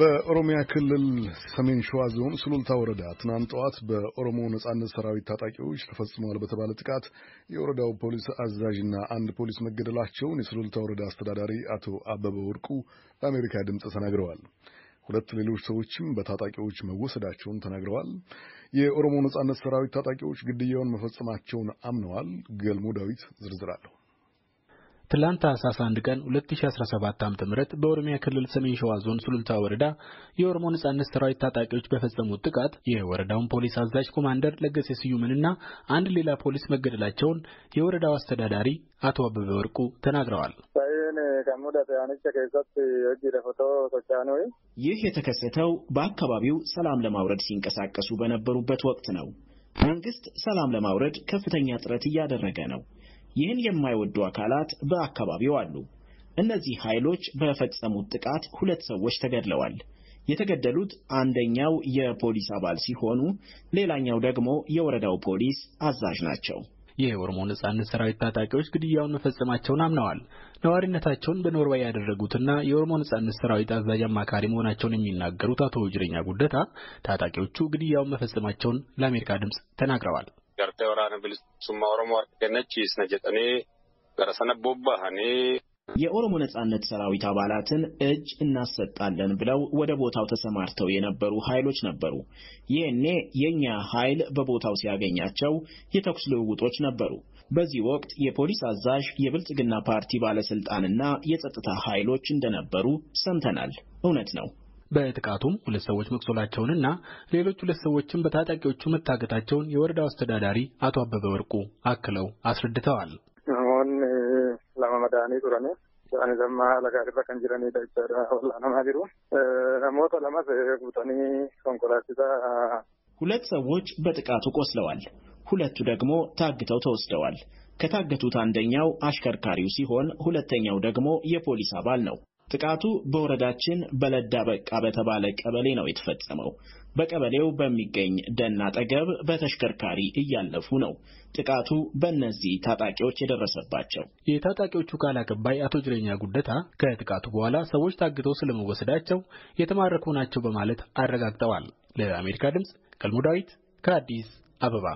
በኦሮሚያ ክልል ሰሜን ሸዋ ዞን ስሉልታ ወረዳ ትናንት ጠዋት በኦሮሞ ነጻነት ሰራዊት ታጣቂዎች ተፈጽመዋል በተባለ ጥቃት የወረዳው ፖሊስ አዛዥና አንድ ፖሊስ መገደላቸውን የስሉልታ ወረዳ አስተዳዳሪ አቶ አበበ ወርቁ ለአሜሪካ ድምፅ ተናግረዋል። ሁለት ሌሎች ሰዎችም በታጣቂዎች መወሰዳቸውን ተናግረዋል። የኦሮሞ ነጻነት ሰራዊት ታጣቂዎች ግድያውን መፈጸማቸውን አምነዋል። ገልሞ ዳዊት ዝርዝር ትላንት ታኅሣሥ 1 ቀን 2017 ዓ.ም በኦሮሚያ ክልል ሰሜን ሸዋ ዞን ሱሉልታ ወረዳ የኦሮሞ ነጻነት ሠራዊት ታጣቂዎች በፈጸሙት ጥቃት የወረዳውን ፖሊስ አዛዥ ኮማንደር ለገሰ ስዩምንና አንድ ሌላ ፖሊስ መገደላቸውን የወረዳው አስተዳዳሪ አቶ አበበ ወርቁ ተናግረዋል። ይህ የተከሰተው በአካባቢው ሰላም ለማውረድ ሲንቀሳቀሱ በነበሩበት ወቅት ነው። መንግሥት ሰላም ለማውረድ ከፍተኛ ጥረት እያደረገ ነው። ይህን የማይወዱ አካላት በአካባቢው አሉ። እነዚህ ኃይሎች በፈጸሙት ጥቃት ሁለት ሰዎች ተገድለዋል። የተገደሉት አንደኛው የፖሊስ አባል ሲሆኑ ሌላኛው ደግሞ የወረዳው ፖሊስ አዛዥ ናቸው። የኦሮሞ ነጻነት ሰራዊት ታጣቂዎች ግድያውን መፈጸማቸውን አምነዋል። ነዋሪነታቸውን በኖርዌይ ያደረጉትና የኦሮሞ ነጻነት ሰራዊት አዛዥ አማካሪ መሆናቸውን የሚናገሩት አቶ ውጅረኛ ጉደታ ታጣቂዎቹ ግድያውን መፈጸማቸውን ለአሜሪካ ድምፅ ተናግረዋል። gartee waraana bilisummaa Oromoo harka kennachiisna jedhanii gara sana bobbahanii የኦሮሞ ነጻነት ሰራዊት አባላትን እጅ እናሰጣለን ብለው ወደ ቦታው ተሰማርተው የነበሩ ኃይሎች ነበሩ። ይህኔ የእኛ ኃይል በቦታው ሲያገኛቸው የተኩስ ልውውጦች ነበሩ። በዚህ ወቅት የፖሊስ አዛዥ፣ የብልጽግና ፓርቲ ባለስልጣንና የጸጥታ ኃይሎች እንደነበሩ ሰምተናል። እውነት ነው። በጥቃቱም ሁለት ሰዎች መቁሰላቸውንና ሌሎች ሁለት ሰዎችም በታጣቂዎቹ መታገታቸውን የወረዳው አስተዳዳሪ አቶ አበበ ወርቁ አክለው አስረድተዋል። ሁለት ሰዎች በጥቃቱ ቆስለዋል። ሁለቱ ደግሞ ታግተው ተወስደዋል። ከታገቱት አንደኛው አሽከርካሪው ሲሆን ሁለተኛው ደግሞ የፖሊስ አባል ነው። ጥቃቱ በወረዳችን በለዳ በቃ በተባለ ቀበሌ ነው የተፈጸመው። በቀበሌው በሚገኝ ደን አጠገብ በተሽከርካሪ እያለፉ ነው ጥቃቱ በእነዚህ ታጣቂዎች የደረሰባቸው። የታጣቂዎቹ ቃል አቀባይ አቶ ጅሬኛ ጉደታ ከጥቃቱ በኋላ ሰዎች ታግተው ስለመወሰዳቸው የተማረኩ ናቸው በማለት አረጋግጠዋል። ለአሜሪካ ድምፅ ገልሞ ዳዊት ከአዲስ አበባ